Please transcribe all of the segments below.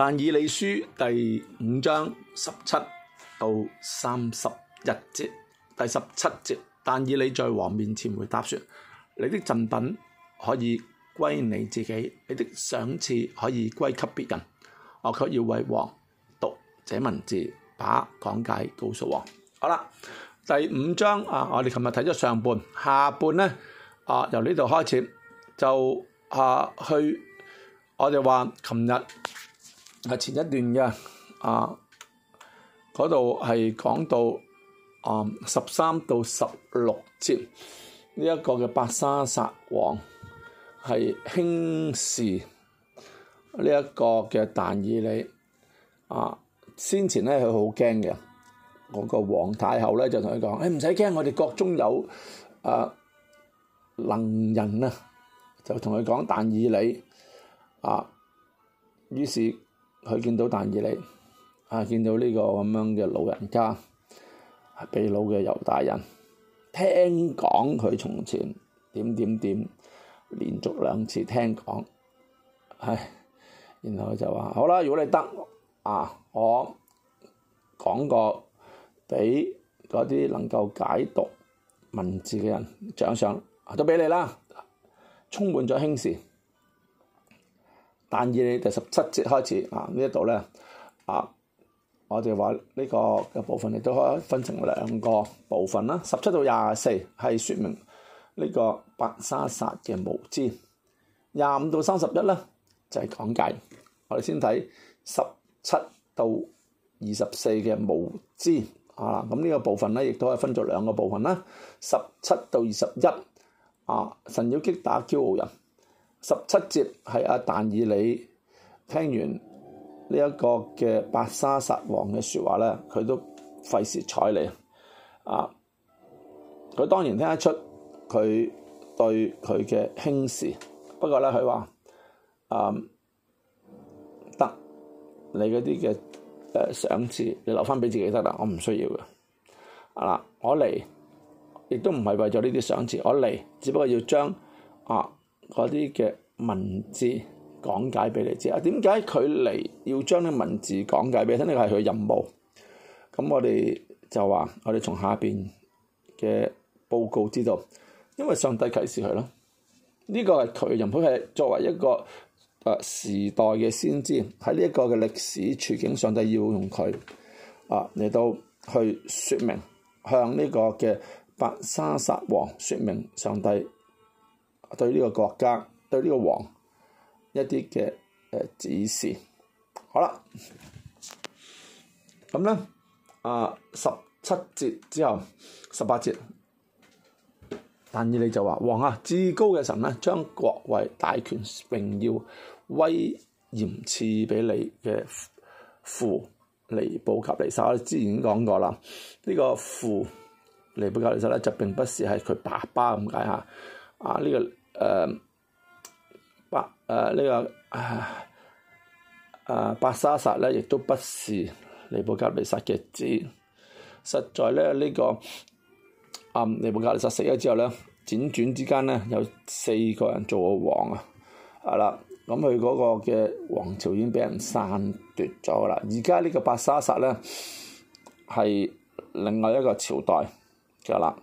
但以理書第五章十七到三十一節，第十七節，但以理在王面前回答說：你的贈品可以歸你自己，你的賞賜可以歸給別人。我卻要為王讀這文字，把講解告訴王。好啦，第五章啊，我哋琴日睇咗上半，下半咧啊，由呢度開始就啊去，我哋話琴日。啊！前一段嘅，啊嗰度係講到啊十三到十六節呢一個嘅伯沙撒王係輕視呢一個嘅但以理啊。先前咧，佢好驚嘅，嗰、嗰個皇太后咧就同佢講，誒唔使驚，我哋國中有啊能人啊，就同佢講但以理啊。於是。佢見到但以理，啊見到呢個咁樣嘅老人家，係被擄嘅猶大人，聽講佢從前點點點，連續兩次聽講，係，然後就話好啦，如果你得，啊我講個畀嗰啲能夠解讀文字嘅人掌上，獎賞都畀你啦，充滿咗輕視。但以理第十七節開始啊，呢一度咧啊，我哋話呢個嘅部分，亦都可以分成兩個部分啦。十七到廿四係説明呢個伯沙撒嘅無知，廿五到三十一咧就係講解。我哋先睇十七到二十四嘅無知，就是、的無知啊，咁、啊、呢、這個部分咧亦都可以分作兩個部分啦。十七到二十一啊，神要擊打驕傲人。十七節係阿但以理聽完呢一個嘅伯沙撒王嘅説話咧，佢都費事睬你啊！佢當然聽得出佢對佢嘅輕視，不過咧佢話：嗯，得你嗰啲嘅誒賞賜，你留翻俾自己得啦，我唔需要嘅。嗱、啊，我嚟亦都唔係為咗呢啲賞賜，我嚟只不過要將啊。嗰啲嘅文字講解俾你知啊，點解佢嚟要將啲文字講解俾你聽？呢個係佢嘅任務。咁我哋就話，我哋從下邊嘅報告知道，因為上帝啟示佢咯。呢、這個係佢任，佢係作為一個誒、呃、時代嘅先知，喺呢一個嘅歷史處境，上帝要用佢啊嚟到去説明，向呢個嘅白沙沙王説明上帝。對呢個國家、對呢個王一啲嘅誒指示。好啦，咁咧啊十七節之後十八節，但以理就話：王啊，至高嘅神咧，將國位、大權榮、榮耀、威嚴賜畀你嘅父尼布甲尼撒。我哋之前已經講過啦，呢、這個父尼布甲尼撒咧，就並不是係佢爸爸咁解嚇，啊呢、這個誒、嗯、白誒呢、呃這個啊啊，白沙薩咧，亦都不是尼布甲尼撒嘅仔。實在咧，呢、這個暗、嗯、尼布甲尼撒死咗之後咧，輾轉之間咧，有四個人做王啊，係啦。咁佢嗰個嘅王朝已經俾人散奪咗啦。而家呢個白沙薩咧係另外一個朝代嘅啦。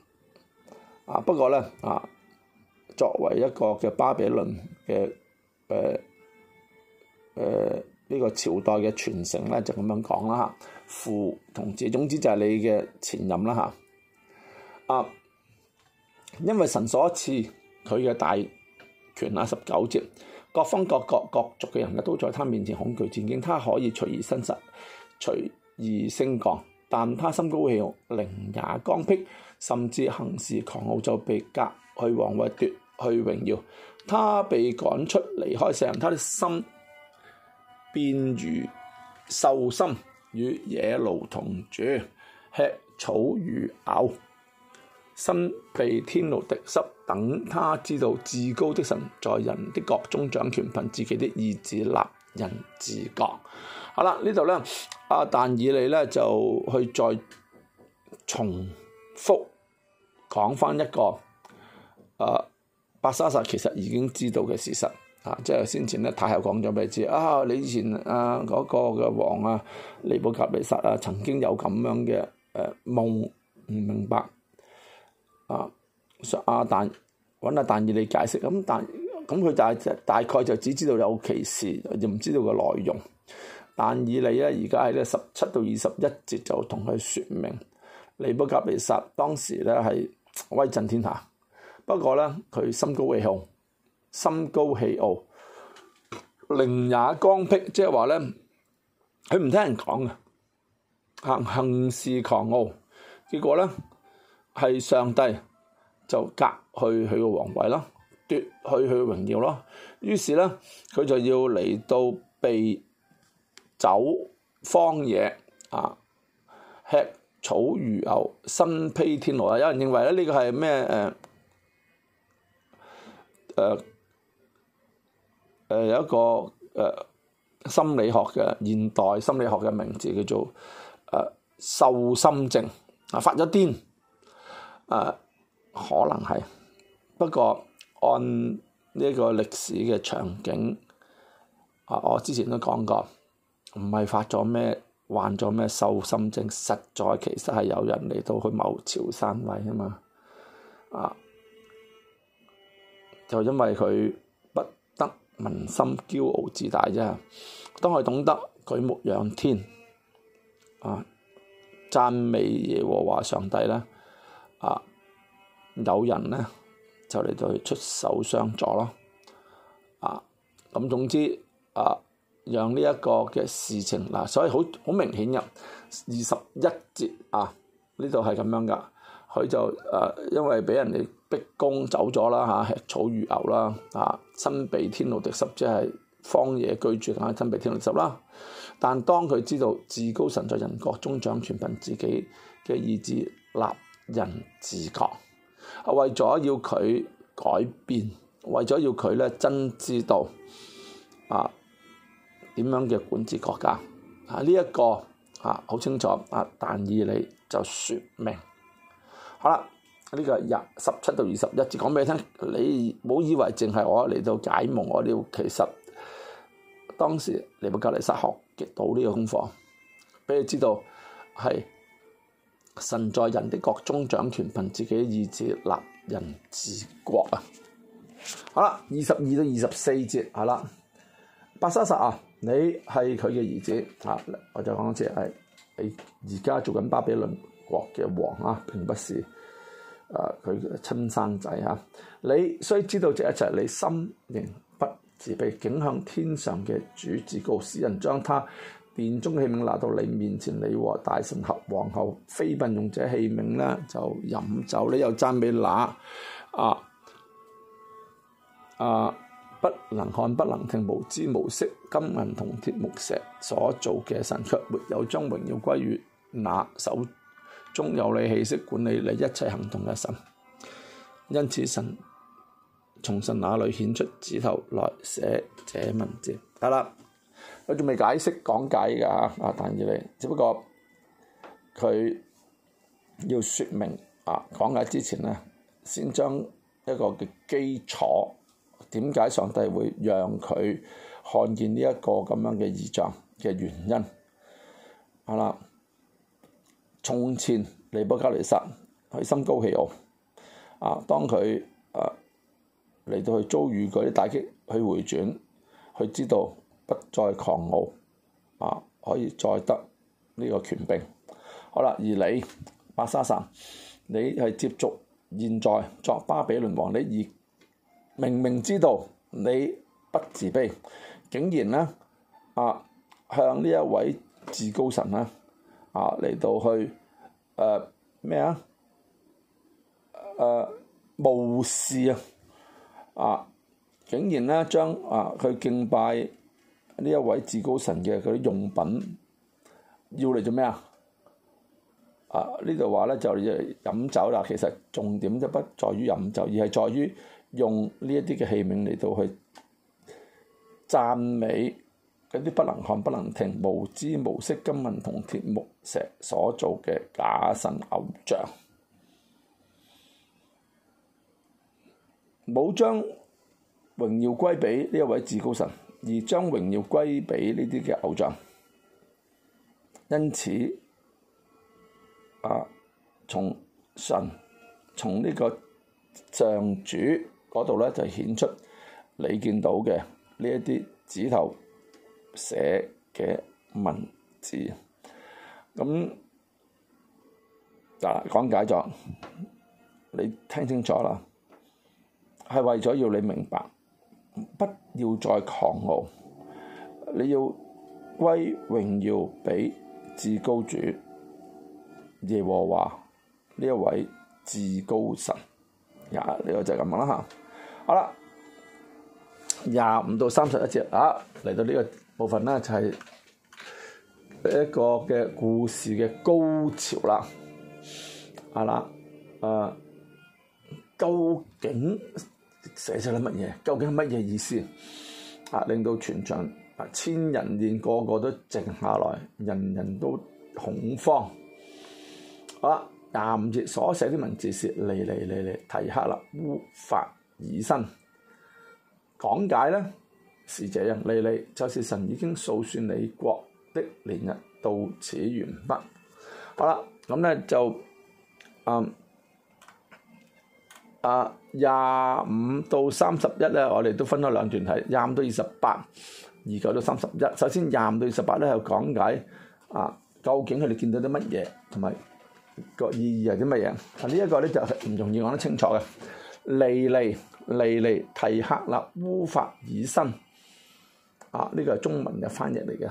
啊，不過咧啊～作為一個嘅巴比倫嘅誒誒呢個朝代嘅傳承咧，就咁樣講啦嚇。父同子，總之就係你嘅前任啦嚇。啊，因為神所賜，佢嘅大權啊，十九節，各方各國各，各族嘅人咧，都在他面前恐懼戰兢。他可以隨意伸實，隨意升降，但他心高氣傲，靈也剛愎，甚至行事狂傲，就被革去王位奪。去榮耀，他被趕出離開世人，他的心變如獸心，與野驢同住，吃草如牛，身被天露滴濕。等他知道至高的神在人的國中掌權，憑自己的意志立人治國。好啦，呢度呢，阿、啊、但以理呢，就去再重複講翻一個，誒、啊。伯沙撒其實已經知道嘅事實，啊，即係先前咧太后講咗俾你知，啊，你以前啊嗰、那個嘅王啊，尼布甲尼撒啊，曾經有咁樣嘅誒夢，唔、呃、明白，啊，阿但揾阿、啊、但以理解釋，咁但咁佢大大概就只知道有其事，又唔知道個內容。但以理咧而家喺呢十七到二十一節就同佢説明，尼布甲尼撒當時咧係威震天下。不過咧，佢心高氣傲，心高氣傲，靈也剛愎，即係話咧，佢唔聽人講嘅，行行事狂傲，結果咧係上帝就革去佢個王位咯，奪去佢榮耀咯。於是咧，佢就要嚟到被走荒野啊，吃草如牛，身披天露啊！有人認為咧，呢個係咩誒？誒、呃呃、有一個誒、呃、心理學嘅現代心理學嘅名字叫做誒、呃、受心症啊，發咗癲，誒可能係，不過按呢個歷史嘅場景啊、呃、我之前都講過，唔係發咗咩患咗咩受心症，實在其實係有人嚟到去謀朝篡位啊嘛啊！呃就因為佢不得民心、驕傲自大啫。當佢懂得舉目仰天，啊讚美耶和華上帝咧，啊有人咧就嚟到出手相助咯，啊咁總之啊，讓呢一個嘅事情嗱、啊，所以好好明顯嘅二十一節啊，呢度係咁樣噶。佢就誒，因為俾人哋逼宮走咗啦嚇，吃草如牛啦嚇，身被天露滴濕，即係荒野居住啦，身被天露濕啦。但當佢知道至高神在人國中掌權，憑自己嘅意志立人治國，係為咗要佢改變，為咗要佢咧真知道啊點樣嘅管治國家啊，呢一個啊好清楚啊，但以理就説明。好啦，呢、這個廿十七到二十一節講畀你聽。你唔好以為淨係我嚟到解夢，我呢哋其實當時尼布甲尼撒學到呢個功課，畀你知道係神在人的國中掌權，憑自己嘅意志立人治國啊！好啦，二十二到二十四節係啦，伯沙撒啊，你係佢嘅兒子啊，我再講一次，係，你而家做緊巴比倫。國嘅王啊，並不是誒佢、呃、親生仔哈，啊，你雖知道，這一切你心仍不自卑，竟向天上嘅主自高，使人將他殿中器皿拿到你面前，你和大臣、合皇后、妃嬪用者器皿呢，就飲酒。你又讚美那啊啊，不能看不能聽，無知無識，金銀銅鐵木石所造嘅神，卻沒有將榮耀歸於那手。中有你氣息，管理你一切行動嘅神，因此神從神那裏顯出指頭來寫這文字。得啦，我仲未解釋講解㗎啊！啊，等住你，只不過佢要説明啊，講解之前咧，先將一個嘅基礎，點解上帝會讓佢看見呢一個咁樣嘅異象嘅原因。係啦。從前尼布甲尼撒，佢心高氣傲，啊！當佢啊嚟到去遭遇嗰啲打擊，佢回轉，佢知道不再狂傲，啊，可以再得呢個權柄。好啦，而你伯沙撒，你係接續現在作巴比倫王，你而明明知道你不自卑，竟然呢啊向呢一位至高神咧。啊！嚟到去咩啊？誒無視啊！啊，竟然咧將啊佢敬拜呢一位至高神嘅嗰啲用品，要嚟做咩啊？啊！呢度話咧就要嚟飲酒啦，其實重點就不在於飲酒，而係在於用呢一啲嘅器皿嚟到去讚美。啲不能看、不能聽、無知無識、金銀銅鐵木石所做嘅假神偶像，冇將榮耀歸俾呢一位至高神，而將榮耀歸俾呢啲嘅偶像。因此啊，從神從個呢個像主嗰度咧，就顯出你見到嘅呢一啲指頭。寫嘅文字，咁、嗯、啊講解咗，你聽清楚啦，係為咗要你明白，不要再狂傲，你要歸榮耀俾至高主耶和華呢一位至高神，廿、嗯、呢、呢個就係咁啦嚇，好、嗯、啦，廿五到三十一節啊，嚟到呢、呢個。部分呢，就係、是、一個嘅故事嘅高潮啦，啊啦，誒、啊，究竟寫咗啲乜嘢？究竟係乜嘢意思？啊，令到全場、啊、千人宴個個都靜下來，人人都恐慌。好、啊、啦，廿五節所寫啲文字是嚟嚟嚟嚟，提客勒烏法珥新，講解呢。是這樣，利利就是神已經數算你國的年日到此完畢。好啦，咁咧就誒誒廿五到三十一咧，我哋都分開兩段睇，廿五到二十八，二九到三十一。首先廿五到二十八咧係講解啊，究竟佢哋見到啲乜嘢，同埋個意義係啲乜嘢？啊，呢一個咧就係唔容易講得清楚嘅。利利利利提客勒烏法珥新。啊！呢個係中文嘅翻譯嚟嘅，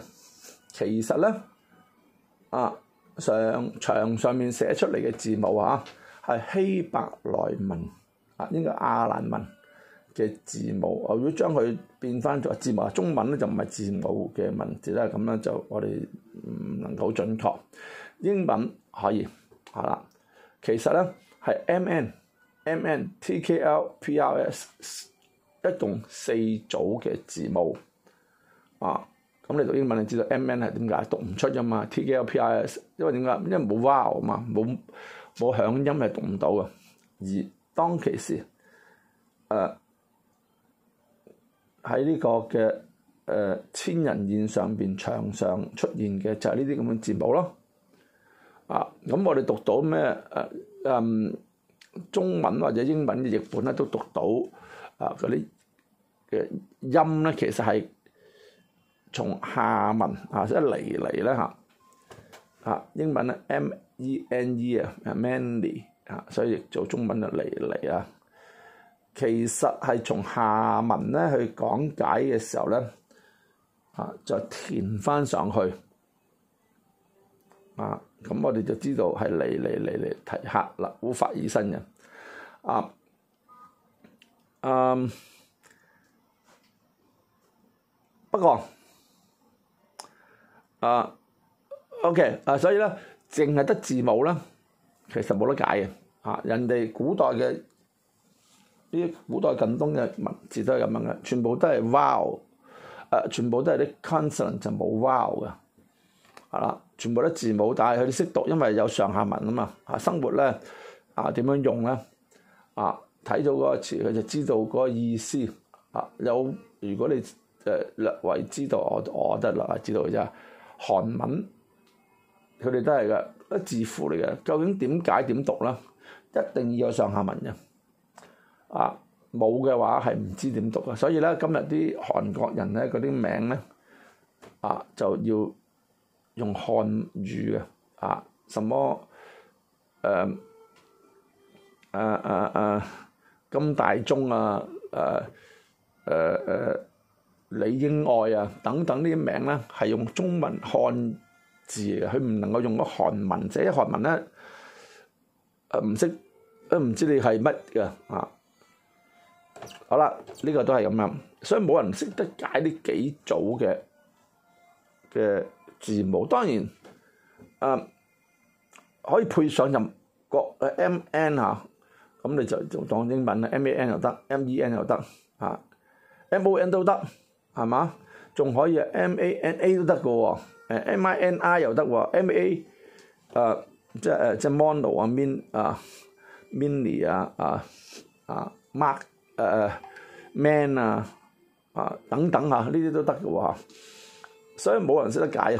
其實咧，啊上牆上面寫出嚟嘅字母啊，係希伯來文啊，應該亞蘭文嘅字母。我如果將佢變翻作字母，中文咧就唔係字母嘅文字啦。咁、啊、樣就我哋唔能夠準確。英文可以，係、啊、啦。其實咧係 M N M N T K L P R S 一共四組嘅字母。啊！咁你讀英文，你知道 M N 係點解讀唔出啫嘛？T G L P I S，因為點解？因為冇 Vowel 啊嘛，冇冇響音係讀唔到嘅。而當其時，誒喺呢個嘅誒、呃、千人宴上邊牆上出現嘅就係呢啲咁嘅字母咯。啊！咁我哋讀到咩？誒、呃、嗯，中文或者英文嘅譯本咧都讀到啊！嗰啲嘅音咧其實係。從下文啊，即係彌尼啦嚇啊，英文咧 M E N E 啊，啊 MENE 啊，所以做中文就彌尼啊。其實係從下文咧去講解嘅時候咧，啊，再填翻上去啊，咁我哋就知道係彌尼彌尼提客勒，烏法珥新人啊，誒，不過。啊，uh，OK，啊，所以咧，淨係得字母咧，其實冇得解嘅嚇。人哋古代嘅呢啲古代近東嘅文字都係咁樣嘅，全部都係 vowel，誒，全部都係啲 consonant 就冇 vowel 嘅，係啦，全部都字母，但係佢哋識讀，因為有上下文啊嘛，嚇生活咧，啊點樣用咧，啊睇到嗰個詞佢就知道嗰個意思，嚇有如果你誒略為知道我我得啦知道嘅啫。韓文佢哋都係嘅，一字符嚟嘅。究竟點解點讀咧？一定要有上下文嘅。啊，冇嘅話係唔知點讀嘅。所以咧，今日啲韓國人咧嗰啲名咧，啊就要用漢語嘅。啊，什麼誒誒誒金大中啊，誒誒誒。啊啊李英愛啊，等等呢啲名咧係用中文漢字嘅，佢唔能夠用個韓文，即係韓文咧誒唔識，誒、呃、唔、呃、知你係乜嘅。啊？好啦，呢、這個都係咁樣，所以冇人識得解呢幾組嘅嘅字母。當然誒、啊、可以配上任嘅 M N 嚇、啊，咁你就就當英文啦，M A N 又得，M E N 又得，嚇、啊、M O N 都得。係嘛？仲可以啊，M A N A 都得個喎，M I N I 又得喎，M A，誒、呃、即係誒、呃、即係 Mondo 啊，Min 啊、呃、，Mini 啊，啊啊 Mark 誒、呃、Man 啊啊等等嚇、啊，呢啲都得個喎，所以冇人識得解啊，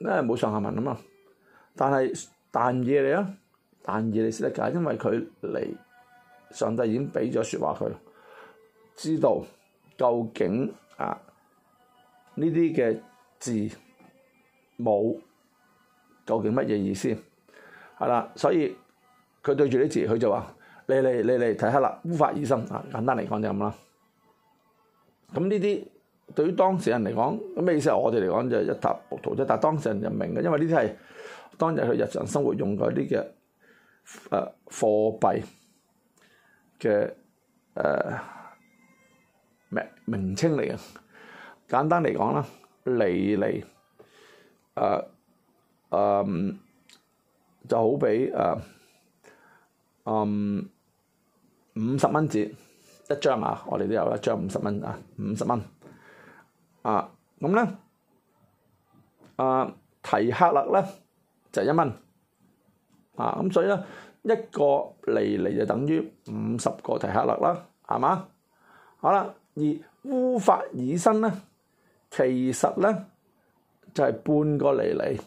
因為冇上下文啊嘛。但係但以理你啊，但以理你識得解，因為佢嚟上帝已經畀咗説話佢知道。究竟啊呢啲嘅字冇究竟乜嘢意思，係啦，所以佢對住啲字，佢就話：你嚟你嚟睇下啦，烏法珥新，啊，簡單嚟講就咁啦。咁呢啲對於當事人嚟講咁咩意思，我哋嚟講就一塌糊塗啫。但係當事人就明嘅，因為呢啲係當日佢日常生活用嗰啲嘅誒貨幣嘅誒。啊名稱嚟嘅，簡單嚟講啦，嚟嚟誒誒就好比誒，嗯五十蚊紙一張啊，我哋都有一張五十蚊啊，五十蚊，啊咁咧、呃就是，啊提克勒咧就一蚊，啊咁所以咧一個嚟嚟就等於五十個提克勒啦，係嘛？好啦。而烏法珥新咧，其實咧就係半個彌尼，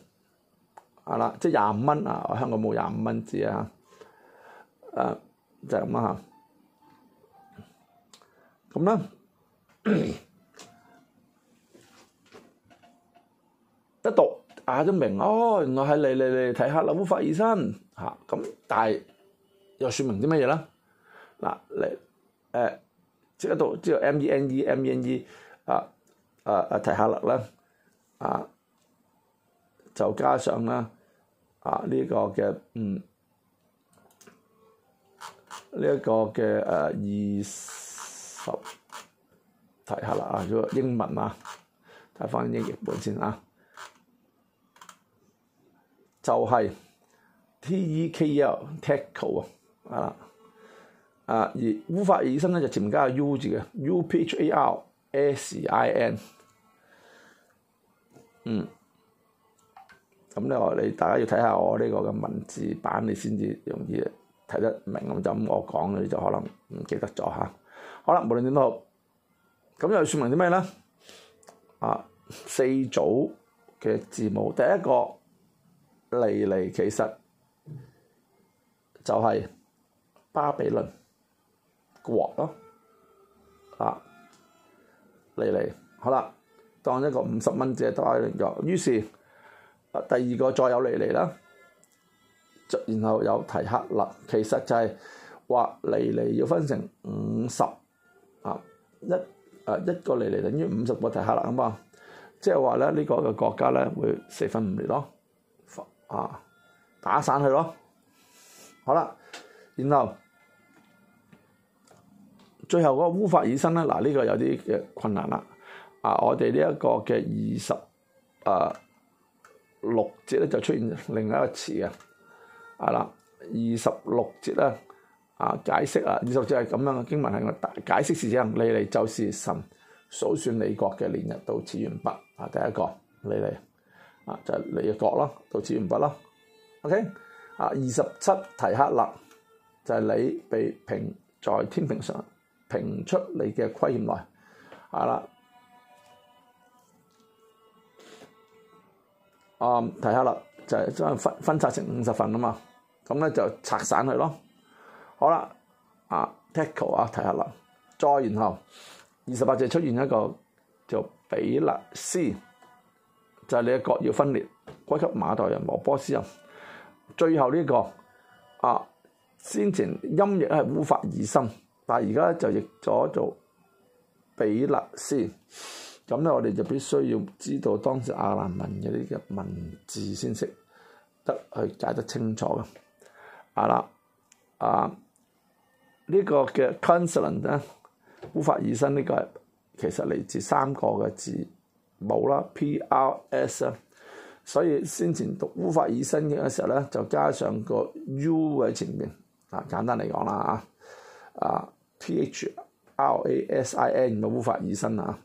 係啦，即係廿五蚊啊！香港冇廿五蚊紙啊，誒，就係咁啦嚇。咁咧一讀啊都明，哦，原來係嚟嚟嚟睇下《烏法珥新》嚇，咁但係又説明啲乜嘢咧？嗱你誒。即係到即係 M E N E M E N E，啊啊啊提下落啦，啊，啊，下啊就加上啦，啊呢、這個嘅嗯呢一、這個嘅啊，二十提下啦啊，這個、英文啊，睇翻英譯本先啊，就係、是、T E K L T E C O 啊。啊！而烏法以身呢，就前面加 U 字嘅 U P H A R S I N，嗯，咁咧我你大家要睇下我呢個嘅文字版，你先至容易睇得明。咁就咁我講，你就可能唔記得咗吓。好啦，無論點都好，咁又說明啲咩咧？啊，四組嘅字母，第一個嚟嚟其實就係巴比倫。國咯，啊，嚟嚟，好啦，當一個五十蚊紙都喺度，於是、啊，第二個再有嚟嚟啦，然後有提克勒、啊，其實就係話嚟嚟要分成五十、啊，啊一誒一個嚟嚟等於五十個提克勒咁啊，即係話咧呢、這個嘅國家咧會四分五裂咯，啊打散佢咯，好、啊、啦，然後。最後嗰個烏法爾生呢，嗱、這、呢個有啲嘅困難啦。啊，我哋呢一個嘅二十啊六節咧，就出現另外一個詞啊。係啦。二十六節咧啊，解釋啊，二十六節係咁樣嘅經文係我大解釋是這樣。你哋就是神數算你國嘅年日到此完畢啊。第一個你哋啊，就你、是、國咯，到此完畢咯。O K 啊，二十七提克勒就係、是、你被評在天平上。平出你嘅虧欠來，啦、嗯就是，啊，睇下啦，就將分分拆成五十份啊嘛，咁咧就拆散佢咯，好啦，啊，Tackle 啊，睇下啦，再然後二十八隻出現一個叫比勒斯，就係、是、你嘅國要分裂，歸給馬代人和波斯人，最後呢、這個啊先前音譯係烏法珥新。但而家就譯咗做比勒斯，咁咧我哋就必須要知道當時亞蘭文嘅啲嘅文字先識得去解得清楚嘅。啊啦，啊呢、這個嘅 consonant 咧，烏法爾新呢個其實嚟自三個嘅字母啦，P R S 啊，PRS，所以先前讀烏法爾新嘅時候咧，就加上個 U 喺前面。嗱、啊，簡單嚟講啦，啊啊～t h r a s i n 咪烏法爾森啊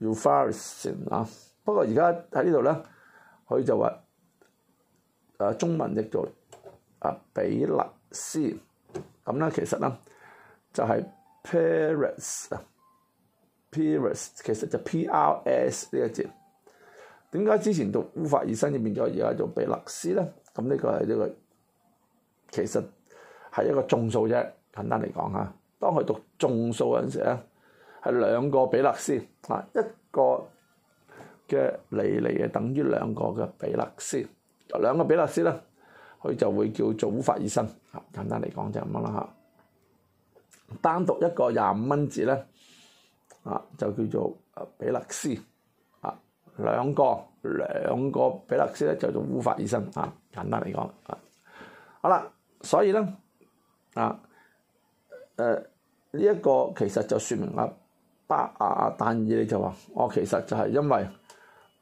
，Ufarson 啊。不過而家喺呢度咧，佢就話誒、呃、中文譯做啊比勒斯咁咧，其實咧就係、是、Paris 啊，Paris 其實就 p r s 呢一節。點解之前讀烏法爾森，而變咗而家做比勒斯咧？咁呢、這個係呢個其實係一個眾數啫，簡單嚟講啊。當佢讀眾數嗰陣時咧，係兩個比勒斯，啊一個嘅嚟嚟，嘅等於兩個嘅比勒斯，兩個比勒斯咧，佢就會叫做烏法爾新。啊簡單嚟講就咁樣啦嚇。單獨一個廿五蚊字咧，啊就叫做比勒斯，啊兩個兩個比勒斯咧就叫做烏法爾新。啊簡單嚟講啊，好啦，所以咧啊。誒呢一個其實就説明阿巴亞但以理就話：我、哦、其實就係因為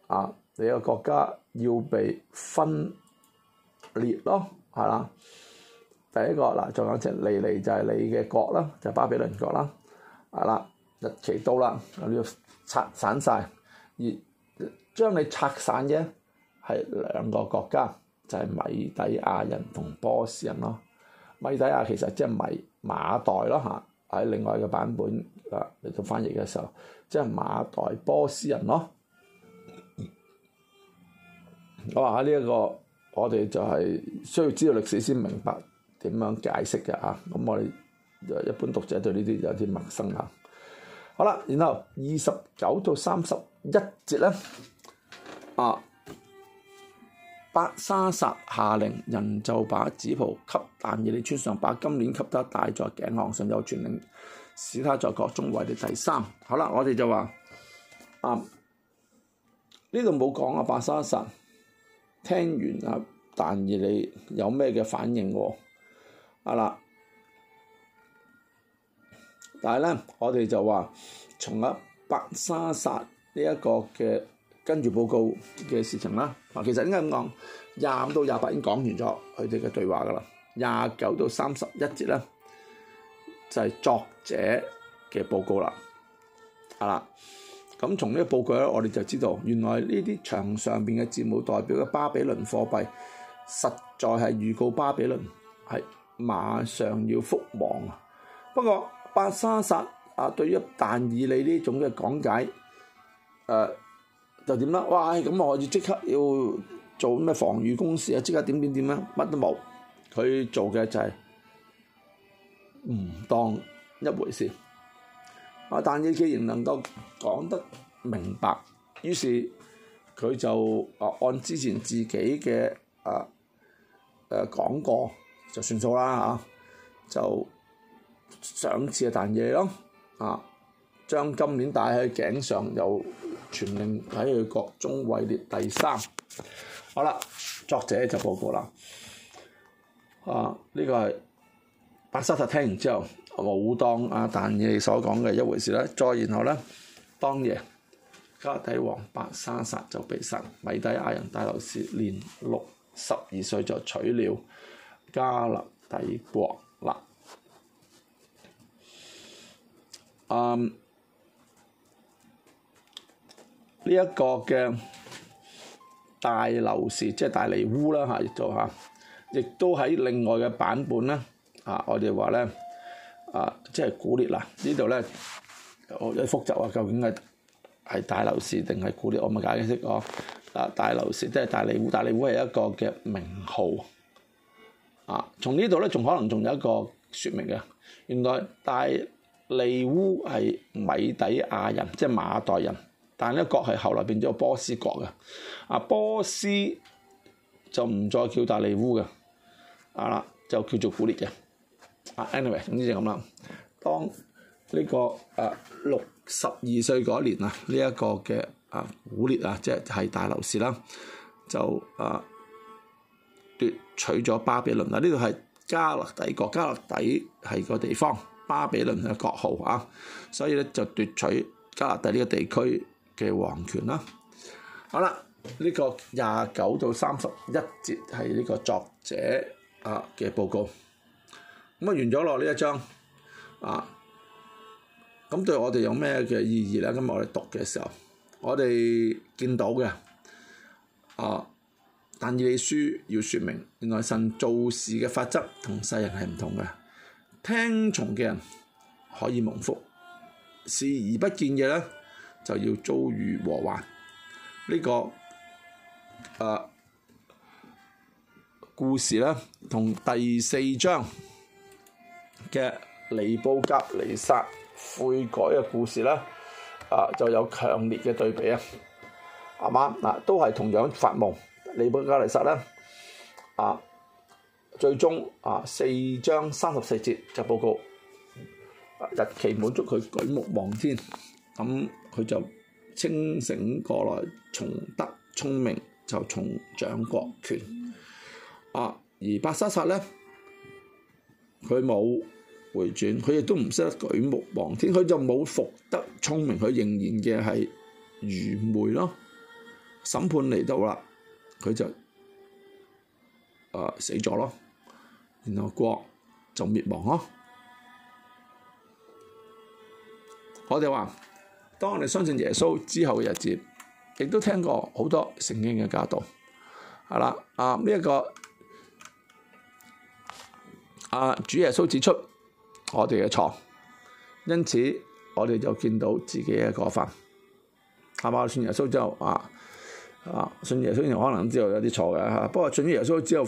啊，你個國家要被分裂咯，係、啊、啦。第一個嗱，仲有隻尼尼就係你嘅國啦，就是、巴比倫國啦。係、啊、啦，日期到啦，我、啊、要拆散晒。而將你拆散嘅係兩個國家，就係、是、米底亞人同波斯人咯。米底亞其實即係米。馬代咯嚇，喺另外一個版本啊嚟到翻譯嘅時候，即係馬代波斯人咯。啊這個、我話喺呢一個，我哋就係需要知道歷史先明白點樣解釋嘅嚇。咁、啊、我哋一般讀者對呢啲有啲陌生嚇。好、啊、啦，然後二十九到三十一節咧，啊。白沙撒下令，人就把紫袍給但以理穿上，把金鏈給他戴在頸項上，又傳令使他在國中位列第三。好啦，我哋就話啊，呢度冇講啊，白沙撒聽完啊，但以理有咩嘅反應喎、啊？啊啦，但係呢，我哋就話從阿、啊、白沙撒呢一個嘅。跟住報告嘅事情啦。嗱，其實應該咁講，廿五到廿八已經講完咗佢哋嘅對話噶啦。廿九到三十一節咧，就係作者嘅報告啦。啊，咁從呢個報告咧，我哋就知道原來呢啲牆上邊嘅字母代表嘅巴比倫貨幣，實在係預告巴比倫係馬上要覆亡啊。不過，伯沙撒啊，對於但以理呢種嘅講解，誒、呃。就點啦？哇！咁我要即刻要做咩防禦工事啊？即刻點點點啦？乜都冇，佢做嘅就係唔當一回事。啊！但你既然能夠講得明白，於是佢就啊按之前自己嘅啊誒講過就算數啦，就上次啊啖嘢咯啊，將金鏈戴喺頸上又。全令喺佢國中位列第三。好啦，作者就報告、呃這個告啦。啊，呢個係白沙撒聽完之後，冇當阿但以理所講嘅一回事啦。再然後咧，當夜，加勒底王白沙撒就被殺。米底亞人大流士年六十二歲就取了加勒底國立。嗯。呢一個嘅大流士即係大利烏啦嚇，亦做嚇，亦都喺另外嘅版本咧啊。我哋話咧啊，即係古列啦。呢度咧，我有複雜啊，究竟係係大流士定係古列？我咪解釋個啊，大流士即係大利烏，大利烏係一個嘅名號啊。從呢度咧，仲可能仲有一個説明嘅。原來大利烏係米底亞人，即係馬代人。但呢個國係後來變咗波斯國嘅，啊波斯就唔再叫大利烏嘅，啊啦就叫做古列嘅，啊 anyway 總之就咁啦。當呢個啊六十二歲嗰年啊，呢、這、一個嘅啊古列啊，即係大流士啦，就啊、是、奪取咗巴比倫嗱，呢個係加勒底國，加勒底係個地方，巴比倫嘅國號啊，所以咧就奪取加勒底呢個地區。嘅王權啦，好啦，呢個廿九到三十一節係呢個作者啊嘅報告，咁啊完咗落呢一章，啊，咁對我哋有咩嘅意義咧？咁我哋讀嘅時候，我哋見到嘅啊，但以理書要説明，原來神做事嘅法則同世人係唔同嘅，聽從嘅人可以蒙福，視而不見嘅咧，就要遭遇禍患，呢、這個誒、呃、故事呢，同第四章嘅尼布甲尼撒悔改嘅故事呢，啊、呃、就有強烈嘅對比啊，係嘛？嗱，都係同樣發夢，尼布甲尼撒呢，啊，最終啊四章三十四節就報告，日期滿足佢舉目望天，咁、嗯。佢就清醒過來，重得聰明就重掌國權。啊、而伯沙撒呢，佢冇回轉，佢亦都唔識得舉目望天，佢就冇復得聰明，佢仍然嘅係愚昧咯。審判嚟到啦，佢就、呃、死咗咯，然後國就滅亡咯。我哋話。當我哋相信耶穌之後嘅日子，亦都聽過好多聖經嘅教導，係啦，啊，呢一個啊主耶穌指出我哋嘅錯，因此我哋就見到自己嘅過犯。係咪啊？信耶穌之後啊，啊信耶穌之後可能之後有啲錯嘅嚇，不過信咗耶穌之後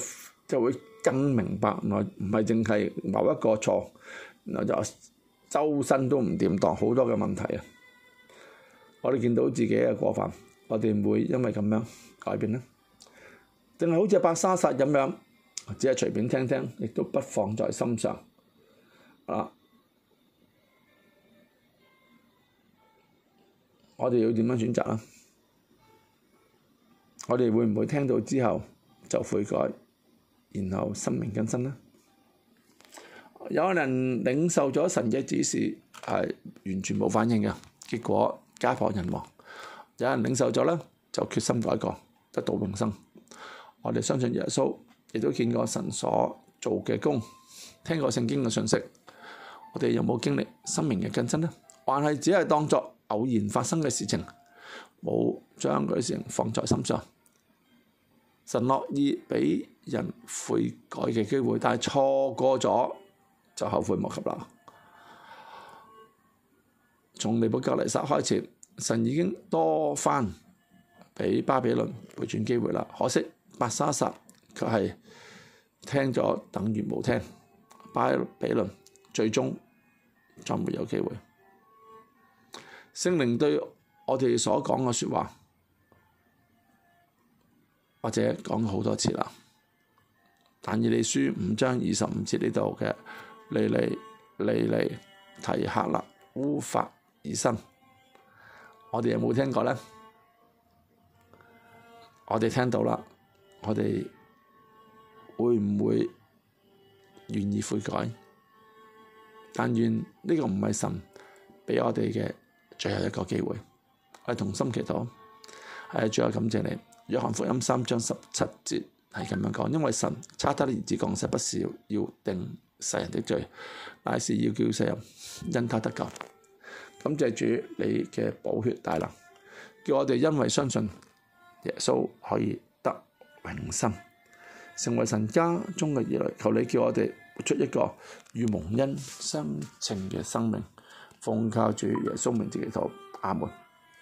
就會更明白，唔係，唔係淨係某一個錯，然後就周身都唔掂，當好多嘅問題啊！我哋見到自己嘅過犯，我哋唔會因為咁樣改變咧，定係好似伯沙撒咁樣，只係隨便聽聽，亦都不放在心上啊？我哋要點樣選擇咧？我哋會唔會聽到之後就悔改，然後生命更新咧？有可能領受咗神嘅指示，係完全冇反應嘅結果。家破人亡，有人領受咗呢就決心改過，得到永生。我哋相信耶穌，亦都見過神所做嘅工，聽過聖經嘅信息。我哋有冇經歷生命嘅更新呢？還係只係當作偶然發生嘅事情，冇將嗰啲事情放在心上。神樂意畀人悔改嘅機會，但係錯過咗就後悔莫及啦。從尼布甲尼撒開始，神已經多番畀巴比倫回轉機會喇。可惜伯沙撒卻係聽咗等於冇聽，巴比倫最終再冇有機會。聖靈對我哋所講嘅説話，或者講好多次喇。但以理書五章二十五節呢度嘅利利利利提客勒烏法。以心，我哋有冇聽過呢？我哋聽到啦，我哋會唔會願意悔改？但願呢個唔係神畀我哋嘅最後一個機會。我哋同心祈禱，最後感謝你。約翰福音三章十七節係咁樣講：因為神差他的兒子降世，實不是要定世人的罪，乃是要叫世人因他得救。感謝主，你嘅寶血大能，叫我哋因為相信耶穌可以得永生，成為神家中嘅兒女。求你叫我哋活出一個與蒙恩相稱嘅生命。奉靠主耶穌名字，謝主做阿門。